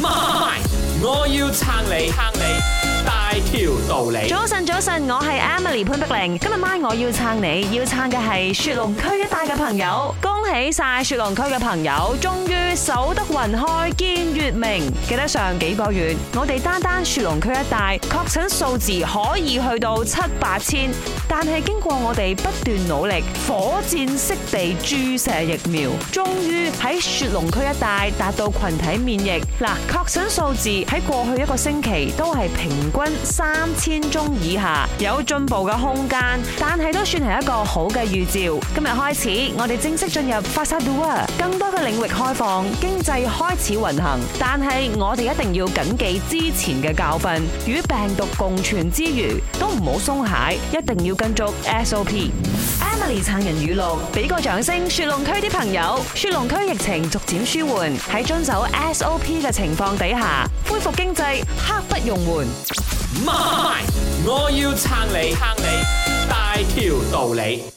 媽咪，我要撐你，撐你大條道理。早晨，早晨，我係 Emily 潘碧玲，今日媽咪我要撐你，要撐嘅係雪龍區一帶嘅朋友。恭喜晒雪龍區嘅朋友，終於守得雲開見月明。記得上幾個月，我哋單單雪龍區一帶確診數字可以去到七八千，但係經過我哋不斷努力，火箭式地注射疫苗，終於喺雪龍區一帶達到群體免疫。嗱，確診數字喺過去一個星期都係平均三千宗以下，有進步嘅空間，但係都算係一個好嘅預兆。今日開始，我哋正式進入。更多嘅領域開放，經濟開始運行。但係我哋一定要謹記之前嘅教訓，與病毒共存之餘，都唔好鬆懈，一定要跟足 S O P。Emily 撐人語錄，俾個掌聲！雪龍區啲朋友，雪龍區疫情逐漸舒緩，喺遵守 S O P 嘅情況底下恢復，恢復經濟刻不容緩。我要撐你，撐你，大條道理。